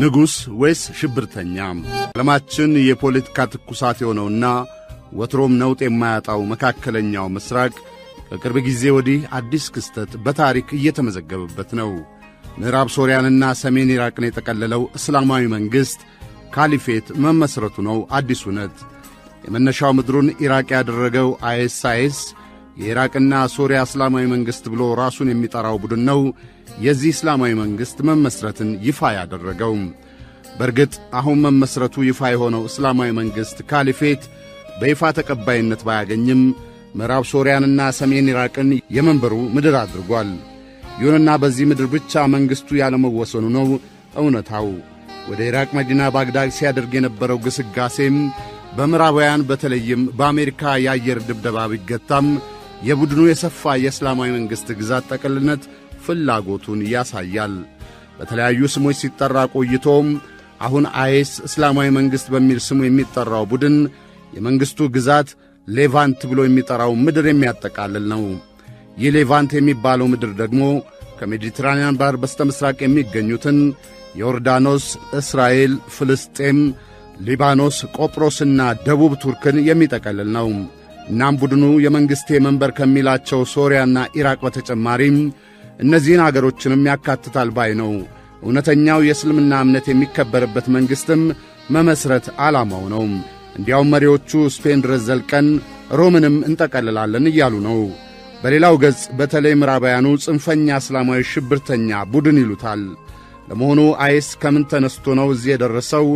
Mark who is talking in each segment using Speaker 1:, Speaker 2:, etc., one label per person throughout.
Speaker 1: ንጉሥ ወይስ ሽብርተኛ? ዓለማችን የፖለቲካ ትኩሳት የሆነውና ወትሮም ነውጥ የማያጣው መካከለኛው ምስራቅ ከቅርብ ጊዜ ወዲህ አዲስ ክስተት በታሪክ እየተመዘገበበት ነው። ምዕራብ ሶርያንና ሰሜን ኢራቅን የጠቀለለው እስላማዊ መንግሥት ካሊፌት መመሥረቱ ነው አዲስ እውነት። የመነሻው ምድሩን ኢራቅ ያደረገው አይስ አይስ የኢራቅና ሶርያ እስላማዊ መንግሥት ብሎ ራሱን የሚጠራው ቡድን ነው የዚህ እስላማዊ መንግሥት መመስረትን ይፋ ያደረገው። በእርግጥ አሁን መመስረቱ ይፋ የሆነው እስላማዊ መንግሥት ካሊፌት በይፋ ተቀባይነት ባያገኝም ምዕራብ ሶርያንና ሰሜን ኢራቅን የመንበሩ ምድር አድርጓል። ይሁንና በዚህ ምድር ብቻ መንግሥቱ ያለመወሰኑ ነው እውነታው። ወደ ኢራቅ መዲና ባግዳድ ሲያደርግ የነበረው ግስጋሴም በምዕራባውያን በተለይም በአሜሪካ የአየር ድብደባ ቢገታም የቡድኑ የሰፋ የእስላማዊ መንግሥት ግዛት ጠቅልነት ፍላጎቱን ያሳያል። በተለያዩ ስሞች ሲጠራ ቆይቶም አሁን አይስ እስላማዊ መንግሥት በሚል ስሙ የሚጠራው ቡድን የመንግሥቱ ግዛት ሌቫንት ብሎ የሚጠራው ምድር የሚያጠቃልል ነው። ይህ ሌቫንት የሚባለው ምድር ደግሞ ከሜዲትራንያን ባሕር በስተ ምሥራቅ የሚገኙትን ዮርዳኖስ፣ እስራኤል፣ ፍልስጤም፣ ሊባኖስ፣ ቆጵሮስና ደቡብ ቱርክን የሚጠቀልል ነው። እናም ቡድኑ የመንግሥቴ መንበር ከሚላቸው ሶርያና ኢራቅ በተጨማሪም እነዚህን አገሮችንም ያካትታል ባይ ነው። እውነተኛው የእስልምና እምነት የሚከበርበት መንግሥትም መመሥረት ዓላማው ነው። እንዲያውም መሪዎቹ ስፔን ድረስ ዘልቀን ሮምንም እንጠቀልላለን እያሉ ነው። በሌላው ገጽ በተለይ ምዕራባውያኑ ጽንፈኛ እስላማዊ ሽብርተኛ ቡድን ይሉታል። ለመሆኑ አይስ ከምን ተነስቶ ነው እዚህ የደረሰው?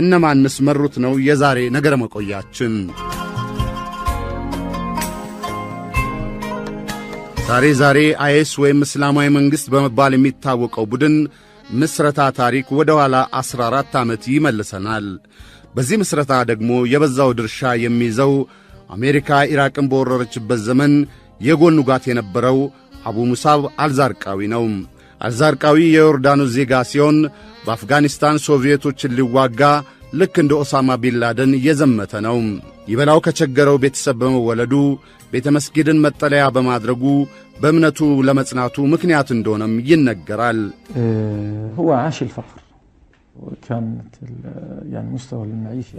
Speaker 1: እነማንስ መሩት ነው የዛሬ ነገረ መቆያችን። ዛሬ ዛሬ አይኤስ ወይም እስላማዊ መንግሥት በመባል የሚታወቀው ቡድን ምስረታ ታሪክ ወደ ኋላ 14 ዓመት ይመልሰናል። በዚህ ምስረታ ደግሞ የበዛው ድርሻ የሚይዘው አሜሪካ ኢራቅን በወረረችበት ዘመን የጎን ውጋት የነበረው አቡ ሙሳብ አልዛርቃዊ ነው። አልዛርቃዊ የዮርዳኖስ ዜጋ ሲሆን በአፍጋኒስታን ሶቪየቶችን ሊዋጋ ልክ እንደ ኦሳማ ቢንላደን የዘመተ ነው። ይበላው ከቸገረው ቤተሰብ በመወለዱ ቤተ መስጊድን መጠለያ በማድረጉ በእምነቱ ለመጽናቱ ምክንያት እንደሆነም ይነገራል።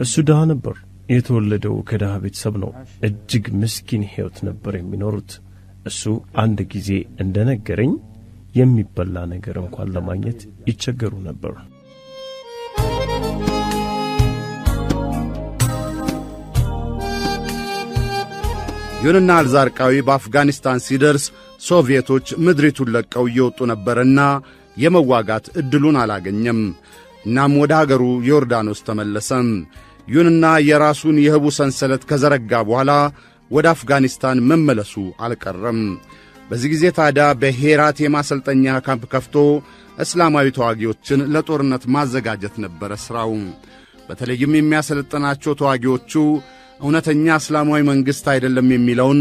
Speaker 2: እሱ ድሃ ነበር። የተወለደው ከድሃ ቤተሰብ ነው። እጅግ ምስኪን ሕይወት ነበር የሚኖሩት። እሱ አንድ ጊዜ እንደነገረኝ የሚበላ ነገር እንኳን ለማግኘት ይቸገሩ ነበር።
Speaker 1: ይሁንና አልዛርቃዊ በአፍጋኒስታን ሲደርስ ሶቪየቶች ምድሪቱን ለቀው እየወጡ ነበርና የመዋጋት ዕድሉን አላገኘም። እናም ወደ አገሩ ዮርዳኖስ ተመለሰም። ይሁንና የራሱን የህቡ ሰንሰለት ከዘረጋ በኋላ ወደ አፍጋኒስታን መመለሱ አልቀረም። በዚህ ጊዜ ታዲያ በሄራት የማሰልጠኛ ካምፕ ከፍቶ እስላማዊ ተዋጊዎችን ለጦርነት ማዘጋጀት ነበረ ሥራው። በተለይም የሚያሰለጥናቸው ተዋጊዎቹ እውነተኛ እስላማዊ መንግሥት አይደለም የሚለውን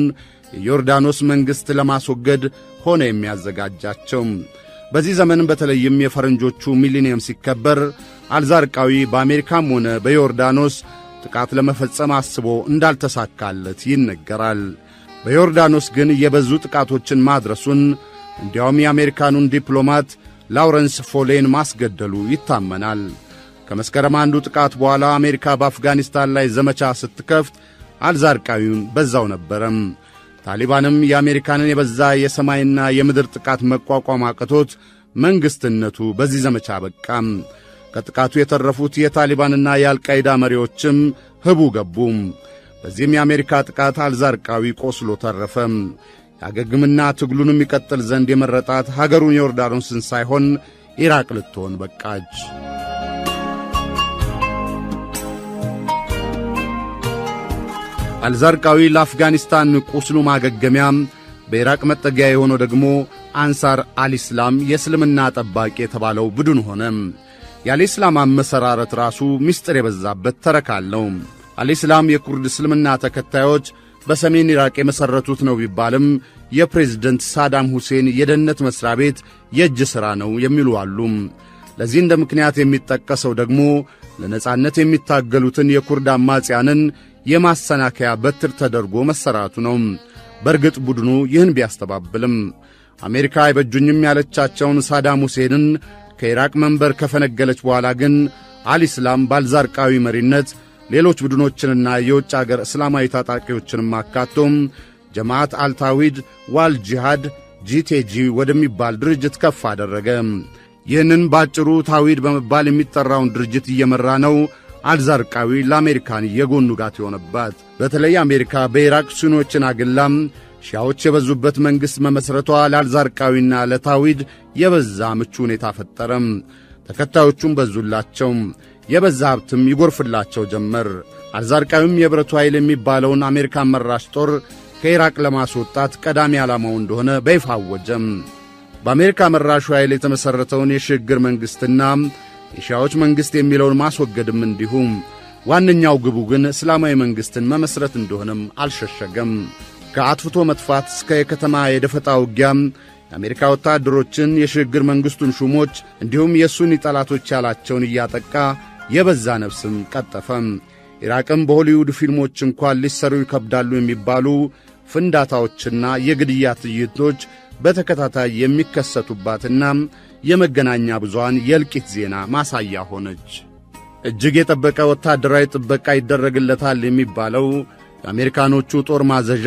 Speaker 1: የዮርዳኖስ መንግሥት ለማስወገድ ሆነ የሚያዘጋጃቸው። በዚህ ዘመን በተለይም የፈረንጆቹ ሚሊኒየም ሲከበር አልዛርቃዊ በአሜሪካም ሆነ በዮርዳኖስ ጥቃት ለመፈጸም አስቦ እንዳልተሳካለት ይነገራል። በዮርዳኖስ ግን የበዙ ጥቃቶችን ማድረሱን እንዲያውም የአሜሪካኑን ዲፕሎማት ላውረንስ ፎሌን ማስገደሉ ይታመናል። ከመስከረም አንዱ ጥቃት በኋላ አሜሪካ በአፍጋኒስታን ላይ ዘመቻ ስትከፍት አልዛርቃዊም በዛው ነበረም። ታሊባንም የአሜሪካንን የበዛ የሰማይና የምድር ጥቃት መቋቋም አቅቶት መንግሥትነቱ በዚህ ዘመቻ በቃም። ከጥቃቱ የተረፉት የታሊባንና የአልቃይዳ መሪዎችም ህቡ ገቡም። በዚህም የአሜሪካ ጥቃት አልዛርቃዊ ቆስሎ ተረፈም። የአገግምና ትግሉንም ይቀጥል ዘንድ የመረጣት ሀገሩን ዮርዳኖስን ሳይሆን ኢራቅ ልትሆን በቃች። አልዛርቃዊ ለአፍጋኒስታን ቁስሉ ማገገሚያ በኢራቅ መጠጊያ የሆነው ደግሞ አንሳር አልኢስላም የእስልምና ጠባቂ የተባለው ቡድን ሆነ። የአልኢስላም አመሰራረት ራሱ ምስጢር የበዛበት ተረካ አለው። አልኢስላም የኩርድ እስልምና ተከታዮች በሰሜን ኢራቅ የመሠረቱት ነው ቢባልም የፕሬዝደንት ሳዳም ሁሴን የደህንነት መሥሪያ ቤት የእጅ ሥራ ነው የሚሉ አሉ። ለዚህ እንደ ምክንያት የሚጠቀሰው ደግሞ ለነጻነት የሚታገሉትን የኩርድ አማጽያንን የማሰናከያ በትር ተደርጎ መሠራቱ ነው። በእርግጥ ቡድኑ ይህን ቢያስተባብልም አሜሪካ አይበጁኝም ያለቻቸውን ሳዳም ሁሴንን ከኢራቅ መንበር ከፈነገለች በኋላ ግን አልስላም ባልዛርቃዊ መሪነት ሌሎች ቡድኖችንና የውጭ አገር እስላማዊ ታጣቂዎችንም አካቶም ጀማዓት አልታዊድ ዋል ጂሃድ ጂቴጂ ወደሚባል ድርጅት ከፍ አደረገ። ይህንን ባጭሩ ታዊድ በመባል የሚጠራውን ድርጅት እየመራ ነው አልዛርቃዊ ለአሜሪካን የጎኑ ጋት የሆነባት በተለይ አሜሪካ በኢራቅ ሱኒዎችን አግላም ሺያዎች የበዙበት መንግሥት መመሥረቷ ለአልዛርቃዊና ለታዊድ የበዛ ምቹ ሁኔታ ፈጠረም። ተከታዮቹም በዙላቸው፣ የበዛ ሀብትም ይጎርፍላቸው ጀመር። አልዛርቃዊም የብረቱ ኃይል የሚባለውን አሜሪካን መራሽ ጦር ከኢራቅ ለማስወጣት ቀዳሚ ዓላማው እንደሆነ በይፋ አወጀም። በአሜሪካ መራሹ ኃይል የተመሠረተውን የሽግግር መንግሥትና የሺያዎች መንግሥት የሚለውን ማስወገድም እንዲሁም ዋነኛው ግቡ ግን እስላማዊ መንግሥትን መመሥረት እንደሆነም አልሸሸገም። ከአጥፍቶ መጥፋት እስከ የከተማ የደፈጣ ውጊያም የአሜሪካ ወታደሮችን፣ የሽግግር መንግሥቱን ሹሞች እንዲሁም የሱኒ ጠላቶች ያላቸውን እያጠቃ የበዛ ነፍስም ቀጠፈም። ኢራቅም በሆሊውድ ፊልሞች እንኳን ሊሠሩ ይከብዳሉ የሚባሉ ፍንዳታዎችና የግድያ ትዕይንቶች በተከታታይ የሚከሰቱባትና የመገናኛ ብዙሃን የእልቂት ዜና ማሳያ ሆነች። እጅግ የጠበቀ ወታደራዊ ጥበቃ ይደረግለታል የሚባለው የአሜሪካኖቹ ጦር ማዘዣ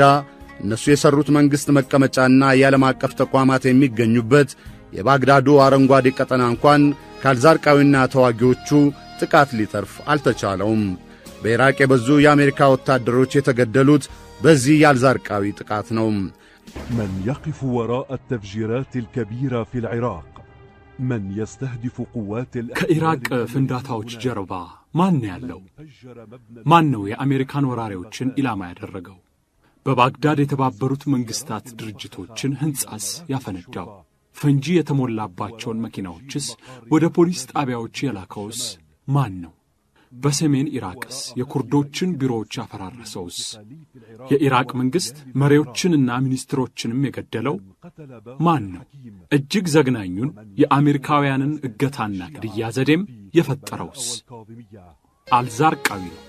Speaker 1: እነሱ የሠሩት መንግሥት መቀመጫና የዓለም አቀፍ ተቋማት የሚገኙበት የባግዳዱ አረንጓዴ ቀጠና እንኳን ካልዛርቃዊና ተዋጊዎቹ ጥቃት ሊተርፍ አልተቻለውም። በኢራቅ የበዙ የአሜሪካ ወታደሮች የተገደሉት በዚህ ያልዛርቃዊ ጥቃት ነው።
Speaker 3: من يقف وراء التفجيرات الكبيرة في العراق؟ من يستهدف قوات
Speaker 4: الاحتلال فندات أوتش جربا ما نيالو ما نو يا أمريكان وراء أوتشن إلى ما يدرقو بباقداد يتبابروت من قستات درجت أوتشن هنس أس يا فندقو فنجي يتمول لاباتشون مكينة أوتشس ودى بوليست أبي أوتشي لاكوس ما نو በሰሜን ኢራቅስ የኩርዶችን ቢሮዎች ያፈራረሰውስ? የኢራቅ መንግሥት መሪዎችንና ሚኒስትሮችንም የገደለው ማን ነው? እጅግ ዘግናኙን የአሜሪካውያንን እገታና ግድያ ዘዴም የፈጠረውስ አልዛርቃዊ ነው።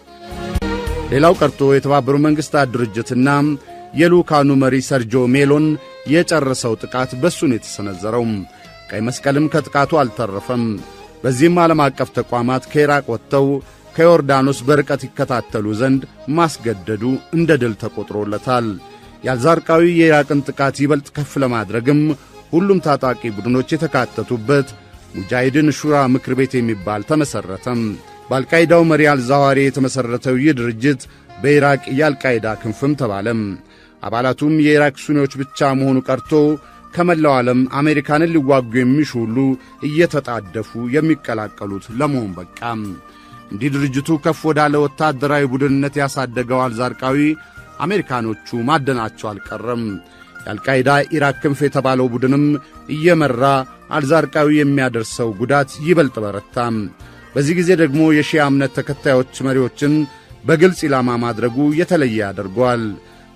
Speaker 1: ሌላው ቀርቶ የተባበሩ መንግሥታት ድርጅትና የልኡካኑ መሪ ሰርጆ ሜሎን የጨረሰው ጥቃት በእሱን ነው የተሰነዘረው። ቀይ መስቀልም ከጥቃቱ አልተረፈም። በዚህም ዓለም አቀፍ ተቋማት ከኢራቅ ወጥተው ከዮርዳኖስ በርቀት ይከታተሉ ዘንድ ማስገደዱ እንደ ድል ተቆጥሮለታል። የአልዛርቃዊ የኢራቅን ጥቃት ይበልጥ ከፍ ለማድረግም ሁሉም ታጣቂ ቡድኖች የተካተቱበት ሙጃሂድን ሹራ ምክር ቤት የሚባል ተመሠረተም። በአልቃይዳው መሪ አልዛዋሪ የተመሠረተው ይህ ድርጅት በኢራቅ የአልቃይዳ ክንፍም ተባለም። አባላቱም የኢራቅ ሱኒዎች ብቻ መሆኑ ቀርቶ ከመላው ዓለም አሜሪካንን ሊዋጉ የሚሹ ሁሉ እየተጣደፉ የሚቀላቀሉት ለመሆን በቃም። እንዲህ ድርጅቱ ከፍ ወዳለ ወታደራዊ ቡድንነት ያሳደገው አልዛርቃዊ አሜሪካኖቹ ማደናቸው አልቀረም። የአልቃይዳ ኢራቅ ክንፍ የተባለው ቡድንም እየመራ አልዛርቃዊ የሚያደርሰው ጉዳት ይበልጥ በረታም። በዚህ ጊዜ ደግሞ የሺያ እምነት ተከታዮች መሪዎችን በግልጽ ኢላማ ማድረጉ የተለየ አድርጓል።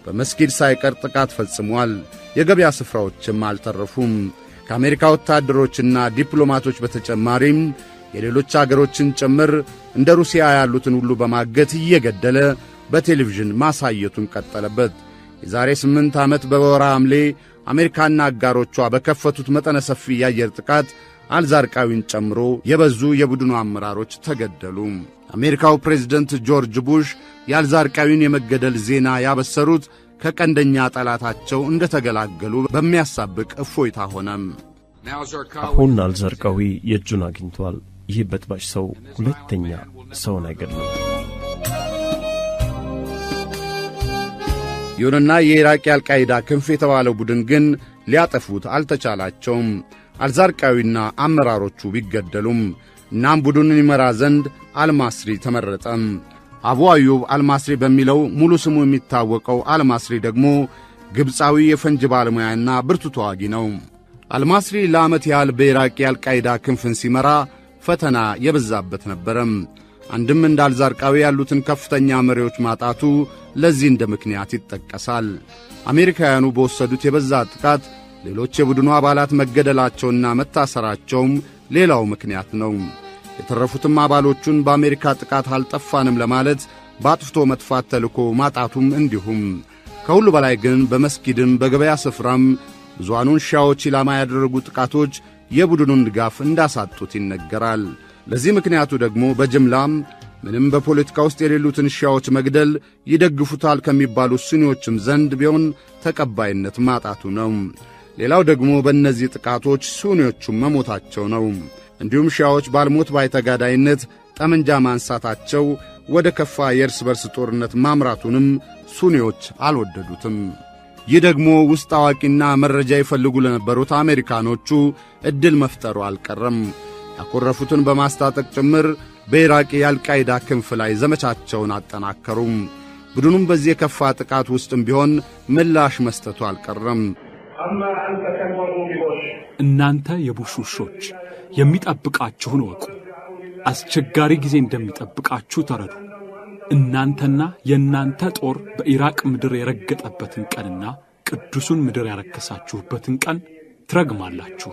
Speaker 1: በመስጊድ ሳይቀር ጥቃት ፈጽሟል። የገበያ ስፍራዎችም አልተረፉም። ከአሜሪካ ወታደሮችና ዲፕሎማቶች በተጨማሪም የሌሎች አገሮችን ጭምር እንደ ሩሲያ ያሉትን ሁሉ በማገት እየገደለ በቴሌቪዥን ማሳየቱን ቀጠለበት። የዛሬ ስምንት ዓመት በወራ ሐምሌ አሜሪካና አጋሮቿ በከፈቱት መጠነ ሰፊ የአየር ጥቃት አልዛርቃዊን ጨምሮ የበዙ የቡድኑ አመራሮች ተገደሉ። አሜሪካው ፕሬዝደንት ጆርጅ ቡሽ የአልዛርቃዊን የመገደል ዜና ያበሰሩት ከቀንደኛ ጠላታቸው እንደ ተገላገሉ በሚያሳብቅ እፎይታ ሆነም።
Speaker 2: አሁን አልዘርቃዊ የእጁን አግኝቷል። ይህ በጥባጭ ሰው ሁለተኛ ሰውን አይገድልም።
Speaker 1: ይሁንና የኢራቅ አልቃይዳ ክንፍ የተባለው ቡድን ግን ሊያጠፉት አልተቻላቸውም። አልዛርቃዊና አመራሮቹ ቢገደሉም እናም ቡድኑን ይመራ ዘንድ አልማስሪ ተመረጠም። አቡ አዩብ አልማስሪ በሚለው ሙሉ ስሙ የሚታወቀው አልማስሪ ደግሞ ግብፃዊ የፈንጅ ባለሙያና ብርቱ ተዋጊ ነው። አልማስሪ ለዓመት ያህል በኢራቅ የአልቃይዳ ክንፍን ሲመራ ፈተና የበዛበት ነበረም። አንድም አልዛርቃዊ ያሉትን ከፍተኛ መሪዎች ማጣቱ ለዚህ እንደ ምክንያት ይጠቀሳል። አሜሪካውያኑ በወሰዱት የበዛ ጥቃት ሌሎች የቡድኑ አባላት መገደላቸውና መታሰራቸውም ሌላው ምክንያት ነው። የተረፉትም አባሎቹን በአሜሪካ ጥቃት አልጠፋንም ለማለት በአጥፍቶ መጥፋት ተልኮ ማጣቱም፣ እንዲሁም ከሁሉ በላይ ግን በመስጊድም በገበያ ስፍራም ብዙሐኑን ሻዎች ኢላማ ያደረጉ ጥቃቶች የቡድኑን ድጋፍ እንዳሳጡት ይነገራል። ለዚህ ምክንያቱ ደግሞ በጅምላም ምንም በፖለቲካ ውስጥ የሌሉትን ሻዎች መግደል ይደግፉታል ከሚባሉ ሱኒዎችም ዘንድ ቢሆን ተቀባይነት ማጣቱ ነው። ሌላው ደግሞ በእነዚህ ጥቃቶች ሱኒዎቹም መሞታቸው ነው። እንዲሁም ሺያዎች ባልሞት ባይ ተጋዳይነት ጠመንጃ ማንሳታቸው ወደ ከፋ የእርስ በርስ ጦርነት ማምራቱንም ሱኒዎች አልወደዱትም። ይህ ደግሞ ውስጥ አዋቂና መረጃ ይፈልጉ ለነበሩት አሜሪካኖቹ ዕድል መፍጠሩ አልቀረም። ያኮረፉትን በማስታጠቅ ጭምር በኢራቅ የአልቃይዳ ክንፍ ላይ ዘመቻቸውን አጠናከሩም። ቡድኑም በዚህ የከፋ ጥቃት ውስጥም ቢሆን ምላሽ መስጠቱ አልቀረም።
Speaker 4: እናንተ የቡሽ ውሾች የሚጠብቃችሁን እወቁ። አስቸጋሪ ጊዜ እንደሚጠብቃችሁ ተረዱ። እናንተና የእናንተ ጦር በኢራቅ ምድር የረገጠበትን ቀንና ቅዱሱን ምድር ያረከሳችሁበትን ቀን ትረግማላችሁ።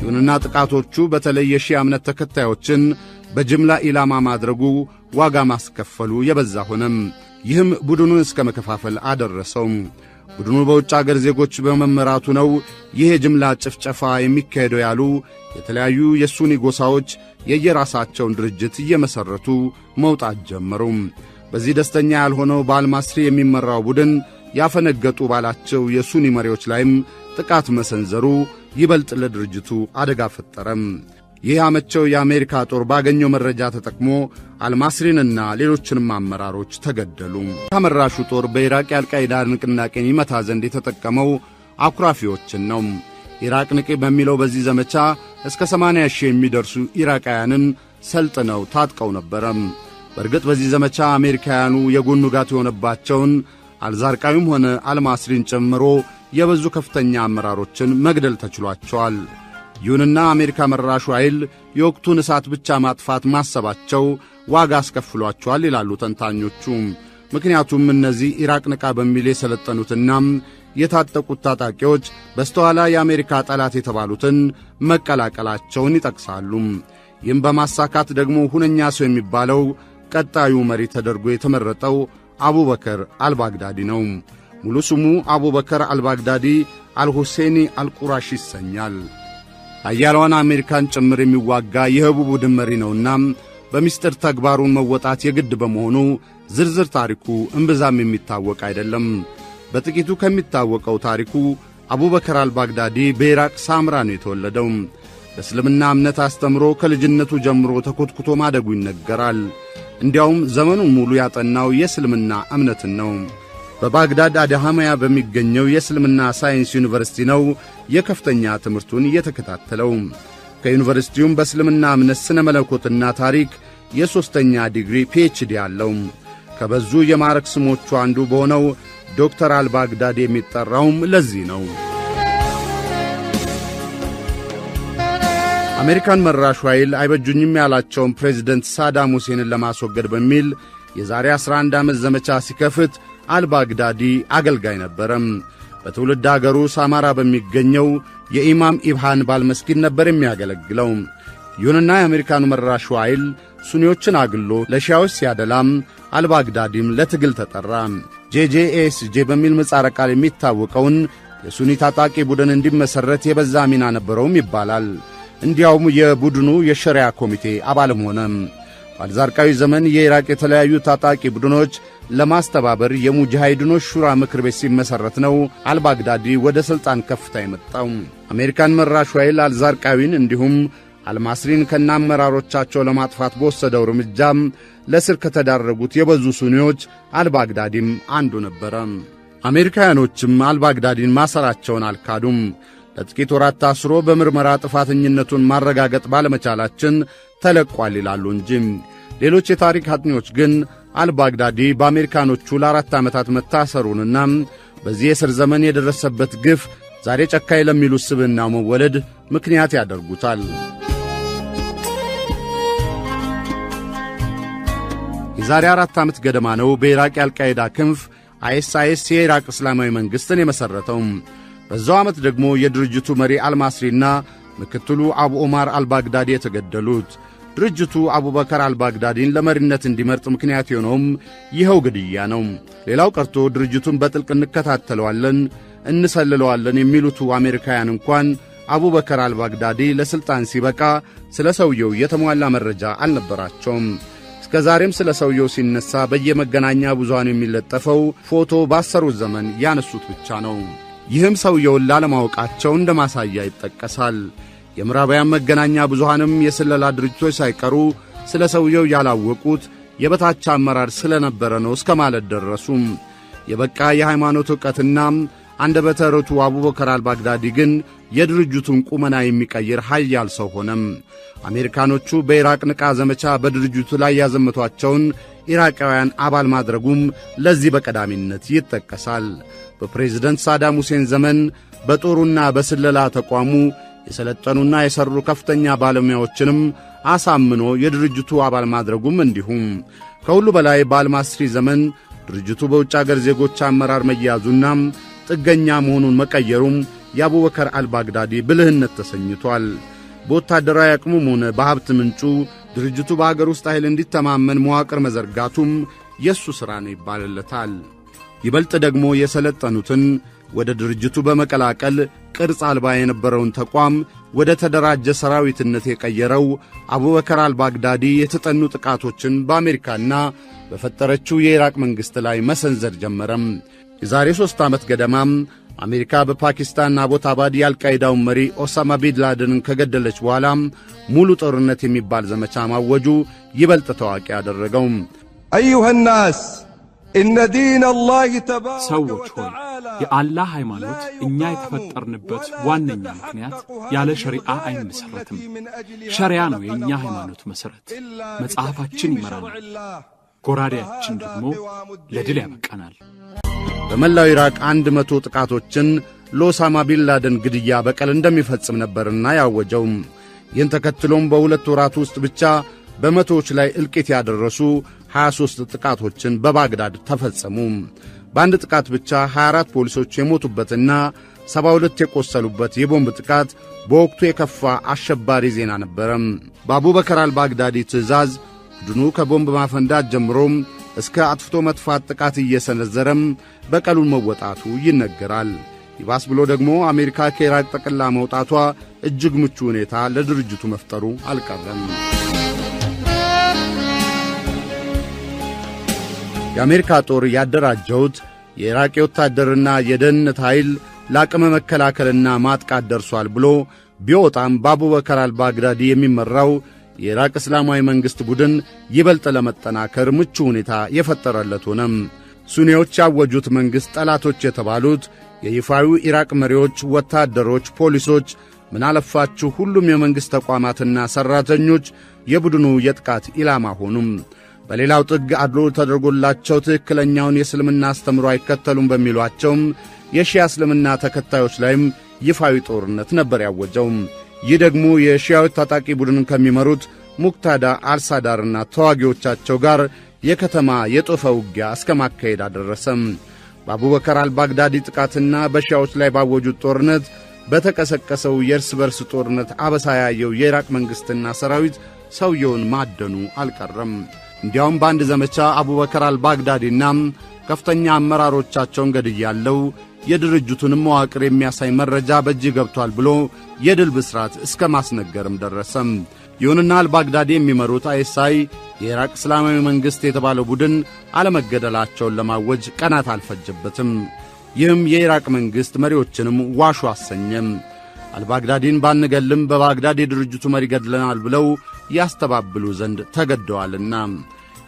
Speaker 1: ይሁንና ጥቃቶቹ በተለይ የሺያ እምነት ተከታዮችን በጅምላ ኢላማ ማድረጉ ዋጋ ማስከፈሉ የበዛ ሆነም። ይህም ቡድኑን እስከ መከፋፈል አደረሰውም። ቡድኑ በውጭ አገር ዜጎች በመመራቱ ነው ይህ የጅምላ ጭፍጨፋ የሚካሄደው ያሉ የተለያዩ የሱኒ ጎሳዎች የየራሳቸውን ድርጅት እየመሠረቱ መውጣት ጀመሩ። በዚህ ደስተኛ ያልሆነው በአልማስሪ የሚመራው ቡድን ያፈነገጡ ባላቸው የሱኒ መሪዎች ላይም ጥቃት መሰንዘሩ ይበልጥ ለድርጅቱ አደጋ ፈጠረም። ይህ ያመቸው የአሜሪካ ጦር ባገኘው መረጃ ተጠቅሞ አልማስሪንና ሌሎችንም አመራሮች ተገደሉ። ተመራሹ ጦር በኢራቅ የአልቃይዳ ንቅናቄን ይመታ ዘንድ የተጠቀመው አኩራፊዎችን ነው። ኢራቅ ንቂ በሚለው በዚህ ዘመቻ እስከ 80 ሺህ የሚደርሱ ኢራቃውያንን ሰልጥነው ታጥቀው ነበረ። በእርግጥ በዚህ ዘመቻ አሜሪካውያኑ የጎኑ ጋት የሆነባቸውን አልዛርቃዊም ሆነ አልማስሪን ጨምሮ የበዙ ከፍተኛ አመራሮችን መግደል ተችሏቸዋል። ይሁንና አሜሪካ መራሹ ኃይል የወቅቱን እሳት ብቻ ማጥፋት ማሰባቸው ዋጋ አስከፍሏቸዋል ይላሉ ተንታኞቹ። ምክንያቱም እነዚህ ኢራቅ ንቃ በሚል የሰለጠኑትናም የታጠቁት ታጣቂዎች በስተኋላ የአሜሪካ ጠላት የተባሉትን መቀላቀላቸውን ይጠቅሳሉ። ይህም በማሳካት ደግሞ ሁነኛ ሰው የሚባለው ቀጣዩ መሪ ተደርጎ የተመረጠው አቡበከር አልባግዳዲ ነው። ሙሉ ስሙ አቡበከር አልባግዳዲ አልሁሴኒ አልቁራሽ ይሰኛል። ኃያሏን አሜሪካን ጭምር የሚዋጋ የህቡ ቡድን መሪ ነውና በምስጢር ተግባሩን መወጣት የግድ በመሆኑ ዝርዝር ታሪኩ እምብዛም የሚታወቅ አይደለም። በጥቂቱ ከሚታወቀው ታሪኩ አቡበከር አልባግዳዲ በኢራቅ ሳምራ ነው የተወለደው። በእስልምና እምነት አስተምሮ ከልጅነቱ ጀምሮ ተኮትኩቶ ማደጉ ይነገራል። እንዲያውም ዘመኑን ሙሉ ያጠናው የእስልምና እምነትን ነው። በባግዳድ አድሃማያ በሚገኘው የእስልምና ሳይንስ ዩኒቨርሲቲ ነው የከፍተኛ ትምህርቱን የተከታተለው። ከዩኒቨርሲቲውም በእስልምና እምነት ሥነ መለኮትና ታሪክ የሦስተኛ ዲግሪ ፒኤችዲ አለው። ከበዙ የማዕረግ ስሞቹ አንዱ በሆነው ዶክተር አልባግዳድ የሚጠራውም ለዚህ ነው። አሜሪካን መራሹ ኃይል አይበጁኝም ያላቸውን ፕሬዚደንት ሳዳም ሁሴንን ለማስወገድ በሚል የዛሬ 11 ዓመት ዘመቻ ሲከፍት አልባግዳዲ አገልጋይ ነበረም። በትውልድ አገሩ ሳማራ በሚገኘው የኢማም ኢብሃን ባል መስጊድ ነበር የሚያገለግለው። ይሁንና የአሜሪካኑ መራሹ ኃይል ሱኒዎችን አግሎ ለሺያዎች ሲያደላም አልባግዳዲም ለትግል ተጠራ። ጄጄኤስጄ በሚል ምጻረ ቃል የሚታወቀውን የሱኒ ታጣቂ ቡድን እንዲመሠረት የበዛ ሚና ነበረውም ይባላል። እንዲያውም የቡድኑ የሸሪያ ኮሚቴ አባልም ሆነ። ባልዛርቃዊ ዘመን የኢራቅ የተለያዩ ታጣቂ ቡድኖች ለማስተባበር የሙጃሂድኖች ሹራ ምክር ቤት ሲመሠረት ነው አልባግዳዲ ወደ ሥልጣን ከፍታ የመጣው። አሜሪካን መራሹ ኃይል አልዛርቃዊን እንዲሁም አልማስሪን ከና አመራሮቻቸው ለማጥፋት በወሰደው እርምጃም ለስር ከተዳረጉት የበዙ ሱኒዎች አልባግዳዲም አንዱ ነበረ። አሜሪካውያኖችም አልባግዳዲን ማሰራቸውን አልካዱም። ለጥቂት ወራት ታስሮ በምርመራ ጥፋተኝነቱን ማረጋገጥ ባለመቻላችን ተለቋል ይላሉ እንጂ ሌሎች የታሪክ አጥኚዎች ግን አልባግዳዲ በአሜሪካኖቹ ለአራት ዓመታት መታሰሩንና በዚህ የእስር ዘመን የደረሰበት ግፍ ዛሬ ጨካኝ ለሚሉት ስብና መወለድ ምክንያት ያደርጉታል። የዛሬ አራት ዓመት ገደማ ነው በኢራቅ የአልቃይዳ ክንፍ አይኤስአይኤስ የኢራቅ እስላማዊ መንግሥትን የመሠረተው። በዛው ዓመት ደግሞ የድርጅቱ መሪ አልማስሪና ምክትሉ አቡ ኦማር አልባግዳዲ የተገደሉት። ድርጅቱ አቡበከር አልባግዳዲን ለመሪነት እንዲመርጥ ምክንያት የሆነውም ይኸው ግድያ ነው። ሌላው ቀርቶ ድርጅቱን በጥልቅ እንከታተለዋለን፣ እንሰልለዋለን የሚሉቱ አሜሪካውያን እንኳን አቡበከር አልባግዳዲ ለሥልጣን ሲበቃ ስለ ሰውየው የተሟላ መረጃ አልነበራቸውም። እስከ ዛሬም ስለ ሰውየው ሲነሳ በየመገናኛ ብዙሃን የሚለጠፈው ፎቶ ባሰሩት ዘመን ያነሱት ብቻ ነው። ይህም ሰውየውን ላለማወቃቸው እንደ ማሳያ ይጠቀሳል። የምዕራባውያን መገናኛ ብዙሃንም የስለላ ድርጅቶች ሳይቀሩ ስለ ሰውየው ያላወቁት የበታች አመራር ስለ ነበረ ነው እስከ ማለት ደረሱም። የበቃ የሃይማኖት ዕውቀትና አንደበተ ርቱዕ አቡበከር አልባግዳዲ ግን የድርጅቱን ቁመና የሚቀይር ኃያል ሰው ሆነም። አሜሪካኖቹ በኢራቅ ንቃ ዘመቻ በድርጅቱ ላይ ያዘመቷቸውን ኢራቃውያን አባል ማድረጉም ለዚህ በቀዳሚነት ይጠቀሳል። በፕሬዝደንት ሳዳም ሁሴን ዘመን በጦሩና በስለላ ተቋሙ የሰለጠኑና የሠሩ ከፍተኛ ባለሙያዎችንም አሳምኖ የድርጅቱ አባል ማድረጉም እንዲሁም ከሁሉ በላይ በአልማስሪ ዘመን ድርጅቱ በውጭ አገር ዜጎች አመራር መያዙና ጥገኛ መሆኑን መቀየሩም የአቡበከር አልባግዳዲ ብልህነት ተሰኝቷል። በወታደራዊ አቅሙም ሆነ በሀብት ምንጩ ድርጅቱ በአገር ውስጥ ኃይል እንዲተማመን መዋቅር መዘርጋቱም የእሱ ሥራ ነው ይባልለታል። ይበልጥ ደግሞ የሰለጠኑትን ወደ ድርጅቱ በመቀላቀል ቅርጽ አልባ የነበረውን ተቋም ወደ ተደራጀ ሰራዊትነት የቀየረው አቡበከር አልባግዳዲ የተጠኑ ጥቃቶችን በአሜሪካና በፈጠረችው የኢራቅ መንግሥት ላይ መሰንዘር ጀመረም። የዛሬ ሦስት ዓመት ገደማም አሜሪካ በፓኪስታን አቦታባድ የአልቃይዳውን መሪ ኦሳማ ቢንላደንን ከገደለች በኋላም ሙሉ ጦርነት የሚባል ዘመቻ ማወጁ ይበልጥ ታዋቂ አደረገው።
Speaker 5: አዩሃ ናስ እነ ዲን አላህ ተባረከ
Speaker 4: ሰዎች ሆይ የአላህ ሃይማኖት እኛ የተፈጠርንበት ዋነኛ ምክንያት ያለ ሸሪዓ አይመሰረትም። ሸሪያ ነው የእኛ ሃይማኖት መሠረት። መጽሐፋችን ይመራናል፣ ጎራዴያችን ደግሞ ለድል ያበቃናል።
Speaker 1: በመላው ኢራቅ አንድ መቶ ጥቃቶችን ለኦሳማ ቢንላደን ግድያ በቀል እንደሚፈጽም ነበርና ያወጀውም። ይህን ተከትሎም በሁለት ወራት ውስጥ ብቻ በመቶዎች ላይ እልቂት ያደረሱ 23 ጥቃቶችን በባግዳድ ተፈጸሙ። በአንድ ጥቃት ብቻ 24 ፖሊሶች የሞቱበትና 72 የቆሰሉበት የቦምብ ጥቃት በወቅቱ የከፋ አሸባሪ ዜና ነበረም። በአቡበከር አልባግዳዲ ትዕዛዝ ቡድኑ ከቦምብ ማፈንዳት ጀምሮም እስከ አጥፍቶ መጥፋት ጥቃት እየሰነዘረም በቀሉን መወጣቱ ይነገራል። ይባስ ብሎ ደግሞ አሜሪካ ከኢራቅ ጠቅላ መውጣቷ እጅግ ምቹ ሁኔታ ለድርጅቱ መፍጠሩ አልቀረም። የአሜሪካ ጦር ያደራጀሁት የኢራቅ ወታደርና የደህንነት ኃይል ለአቅመ መከላከልና ማጥቃት ደርሷል ብሎ ቢወጣም በአቡበከር አልባግዳዲ የሚመራው የኢራቅ እስላማዊ መንግሥት ቡድን ይበልጥ ለመጠናከር ምቹ ሁኔታ የፈጠረለት ሆነም። ሱኒዎች ያወጁት መንግሥት ጠላቶች የተባሉት የይፋዊ ኢራቅ መሪዎች፣ ወታደሮች፣ ፖሊሶች፣ ምናለፋችሁ ሁሉም የመንግሥት ተቋማትና ሠራተኞች የቡድኑ የጥቃት ኢላማ ሆኑም። በሌላው ጥግ አድሎ ተደርጎላቸው ትክክለኛውን የእስልምና አስተምሮ አይከተሉም በሚሏቸውም የሺያ እስልምና ተከታዮች ላይም ይፋዊ ጦርነት ነበር ያወጀው። ይህ ደግሞ የሺያዎች ታጣቂ ቡድን ከሚመሩት ሙክታዳ አልሳዳርና ተዋጊዎቻቸው ጋር የከተማ የጦፈ ውጊያ እስከ ማካሄድ አደረሰም። በአቡበከር አልባግዳዲ ጥቃትና በሺያዎች ላይ ባወጁት ጦርነት በተቀሰቀሰው የእርስ በርስ ጦርነት አበሳ ያየው የኢራቅ መንግሥትና ሰራዊት ሰውየውን ማደኑ አልቀረም። እንዲያውም በአንድ ዘመቻ አቡበከር አልባግዳዲና ከፍተኛ አመራሮቻቸውን ገድያለው፣ የድርጅቱንም መዋቅር የሚያሳይ መረጃ በእጅ ገብቷል ብሎ የድል ብስራት እስከ ማስነገርም ደረሰም። ይሁንና አልባግዳዲ የሚመሩት አይሳይ የኢራቅ እስላማዊ መንግሥት የተባለው ቡድን አለመገደላቸውን ለማወጅ ቀናት አልፈጀበትም። ይህም የኢራቅ መንግሥት መሪዎችንም ዋሹ አሰኘም። አልባግዳዲን ባንገልም በባግዳድ የድርጅቱ መሪ ገድለናል ብለው ያስተባብሉ ዘንድ ተገደዋልና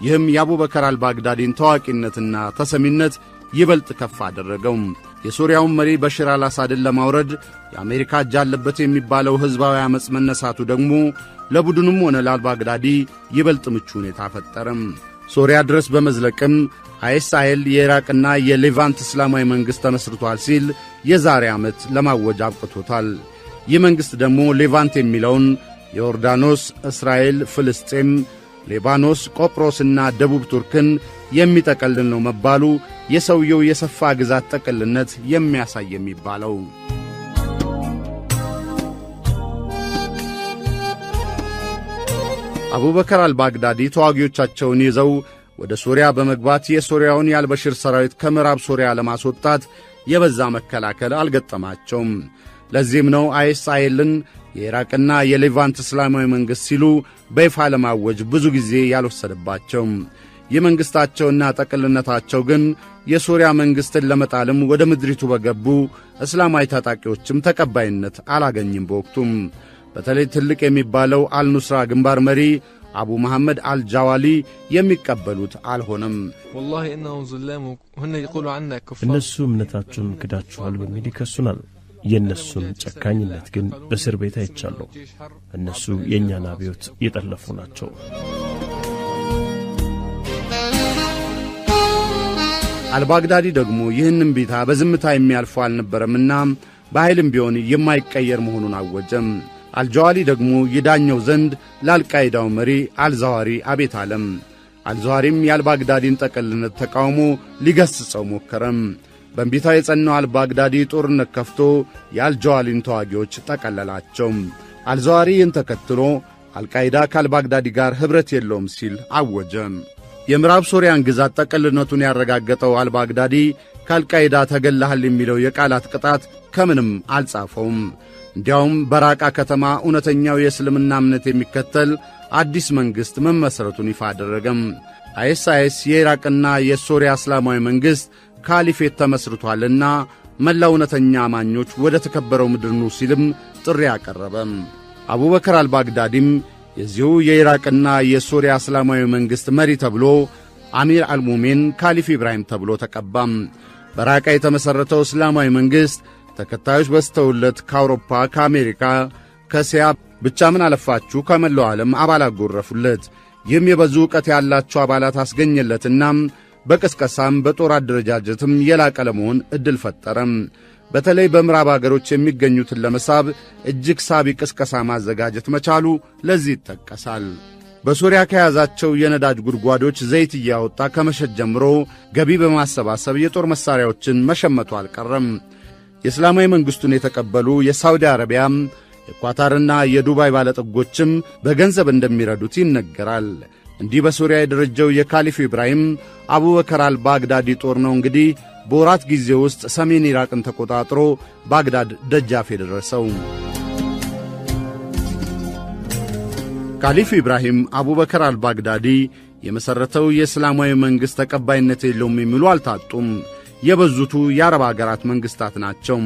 Speaker 1: ይህም የአቡበከር አልባግዳዲን ታዋቂነትና ተሰሚነት ይበልጥ ከፍ አደረገው። የሱሪያውን መሪ በሽር አልአሳድን ለማውረድ የአሜሪካ እጅ አለበት የሚባለው ሕዝባዊ ዓመፅ መነሳቱ ደግሞ ለቡድኑም ሆነ ለአልባግዳዲ ይበልጥ ምቹ ሁኔታ አፈጠረም። ሶሪያ ድረስ በመዝለቅም አይስአኤል የኢራቅና የሌቫንት እስላማዊ መንግሥት ተመስርቷል ሲል የዛሬ ዓመት ለማወጅ አብቅቶታል። ይህ መንግሥት ደግሞ ሌቫንት የሚለውን የዮርዳኖስ፣ እስራኤል፣ ፍልስጤም፣ ሌባኖስ፣ ቆጵሮስና ደቡብ ቱርክን የሚጠቀልል ነው መባሉ የሰውየው የሰፋ ግዛት ጠቅልነት የሚያሳይ የሚባለው አቡበከር አልባግዳዲ ተዋጊዎቻቸውን ይዘው ወደ ሶርያ በመግባት የሶርያውን የአልበሽር ሰራዊት ከምዕራብ ሶርያ ለማስወጣት የበዛ መከላከል አልገጠማቸውም። ለዚህም ነው አይስራኤልን የኢራቅና የሌቫንት እስላማዊ መንግሥት ሲሉ በይፋ ለማወጅ ብዙ ጊዜ ያልወሰደባቸው። የመንግሥታቸውና ጠቅልነታቸው ግን የሶርያ መንግሥትን ለመጣልም ወደ ምድሪቱ በገቡ እስላማዊ ታጣቂዎችም ተቀባይነት አላገኝም። በወቅቱም በተለይ ትልቅ የሚባለው አልኑስራ ግንባር መሪ አቡ መሐመድ አልጃዋሊ የሚቀበሉት አልሆነም።
Speaker 2: እነሱ እምነታቸውን ክዳችኋል በሚል ይከሱናል። የእነሱን ጨካኝነት ግን በእስር ቤት አይቻለሁ። እነሱ የእኛን አብዮት የጠለፉ ናቸው።
Speaker 1: አልባግዳዲ ደግሞ ይህንም ቤታ በዝምታ የሚያልፉ አልነበረምና በኃይልም ቢሆን የማይቀየር መሆኑን አወጀም። አልጀዋሊ ደግሞ ይዳኘው ዘንድ ለአልቃይዳው መሪ አልዛዋሪ አቤት አለም። አልዛዋሪም የአልባግዳዲን ጠቅልነት ተቃውሞ ሊገስጸው ሞከረም። በእንቢታ የጸናው አልባግዳዲ ጦርነት ከፍቶ የአልጀዋሊን ተዋጊዎች ጠቀለላቸው። አልዘዋሪ ይህን ተከትሎ አልቃይዳ ከአልባግዳዲ ጋር ኅብረት የለውም ሲል አወጀ። የምዕራብ ሶርያን ግዛት ጠቅልነቱን ያረጋገጠው አልባግዳዲ ከአልቃይዳ ተገላሃል የሚለው የቃላት ቅጣት ከምንም አልጻፈውም። እንዲያውም በራቃ ከተማ እውነተኛው የእስልምና እምነት የሚከተል አዲስ መንግሥት መመሠረቱን ይፋ አደረገም። አይስ አይስ የኢራቅና የሶሪያ እስላማዊ መንግሥት ካሊፌት ተመስርቷልና መላ እውነተኛ አማኞች ወደ ተከበረው ምድር ኑ ሲልም ጥሪ አቀረበም። አቡበከር አልባግዳዲም የዚሁ የኢራቅና የሱሪያ እስላማዊ መንግሥት መሪ ተብሎ አሚር አልሙሜን ካሊፍ ኢብራሂም ተብሎ ተቀባም። በራቃ የተመሠረተው እስላማዊ መንግሥት ተከታዮች በስተውለት ከአውሮፓ፣ ከአሜሪካ፣ ከእስያ ብቻ ምን አለፋችሁ ከመላው ዓለም አባላት ጎረፉለት። ይህም የበዙ ዕውቀት ያላቸው አባላት አስገኘለትናም በቅስቀሳም በጦር አደረጃጀትም የላቀ ለመሆን ዕድል ፈጠረም። በተለይ በምዕራብ አገሮች የሚገኙትን ለመሳብ እጅግ ሳቢ ቅስቀሳ ማዘጋጀት መቻሉ ለዚህ ይጠቀሳል። በሶሪያ ከያዛቸው የነዳጅ ጉድጓዶች ዘይት እያወጣ ከመሸጥ ጀምሮ ገቢ በማሰባሰብ የጦር መሣሪያዎችን መሸመቱ አልቀረም። የእስላማዊ መንግሥቱን የተቀበሉ የሳውዲ አረቢያም የኳታርና የዱባይ ባለጠጎችም በገንዘብ እንደሚረዱት ይነገራል። እንዲህ በሶርያ የደረጀው የካሊፍ ኢብራሂም አቡበከር አልባግዳዲ ጦር ነው እንግዲህ በወራት ጊዜ ውስጥ ሰሜን ኢራቅን ተቆጣጥሮ ባግዳድ ደጃፍ የደረሰው። ካሊፍ ኢብራሂም አቡበከር አልባግዳዲ የመሠረተው የእስላማዊ መንግሥት ተቀባይነት የለውም የሚሉ አልታጡም። የበዙቱ የአረብ አገራት መንግሥታት ናቸው።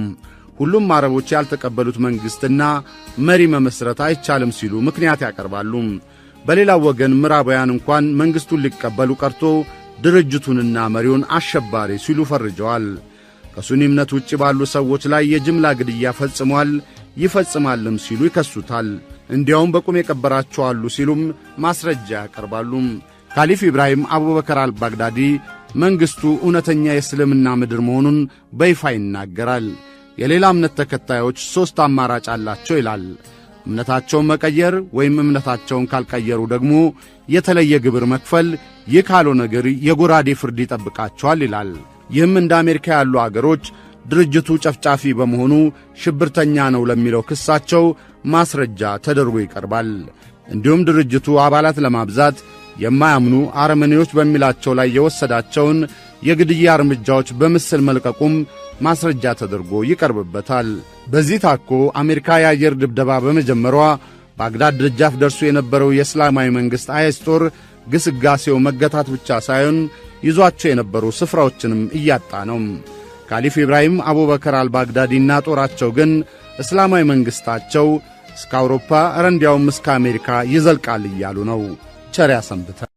Speaker 1: ሁሉም አረቦች ያልተቀበሉት መንግሥትና መሪ መመሥረት አይቻልም ሲሉ ምክንያት ያቀርባሉ። በሌላው ወገን ምዕራባውያን እንኳን መንግሥቱን ሊቀበሉ ቀርቶ ድርጅቱንና መሪውን አሸባሪ ሲሉ ፈርጀዋል። ከሱኒ እምነት ውጭ ባሉ ሰዎች ላይ የጅምላ ግድያ ፈጽሟል፣ ይፈጽማልም ሲሉ ይከሱታል። እንዲያውም በቁም የቀበራቸዋሉ ሲሉም ማስረጃ ያቀርባሉ። ካሊፍ ኢብራሂም አቡበከር አልባግዳዲ መንግሥቱ እውነተኛ የእስልምና ምድር መሆኑን በይፋ ይናገራል። የሌላ እምነት ተከታዮች ሦስት አማራጭ አላቸው ይላል። እምነታቸውን መቀየር ወይም እምነታቸውን ካልቀየሩ ደግሞ የተለየ ግብር መክፈል፣ ይህ ካልሆነ ግን የጎራዴ ፍርድ ይጠብቃቸዋል ይላል። ይህም እንደ አሜሪካ ያሉ አገሮች ድርጅቱ ጨፍጫፊ በመሆኑ ሽብርተኛ ነው ለሚለው ክሳቸው ማስረጃ ተደርጎ ይቀርባል። እንዲሁም ድርጅቱ አባላት ለማብዛት የማያምኑ አረመኔዎች በሚላቸው ላይ የወሰዳቸውን የግድያ እርምጃዎች በምስል መልቀቁም ማስረጃ ተደርጎ ይቀርብበታል። በዚህ ታኮ አሜሪካ የአየር ድብደባ በመጀመሯ ባግዳድ ደጃፍ ደርሶ የነበረው የእስላማዊ መንግሥት አይስ ጦር ግስጋሴው መገታት ብቻ ሳይሆን ይዟቸው የነበሩ ስፍራዎችንም እያጣ ነው። ካሊፍ ኢብራሂም አቡበከር አልባግዳዲና ጦራቸው ግን እስላማዊ መንግሥታቸው እስከ አውሮፓ ረንዲያውም እስከ አሜሪካ ይዘልቃል እያሉ ነው። ቸር ያሰንብተ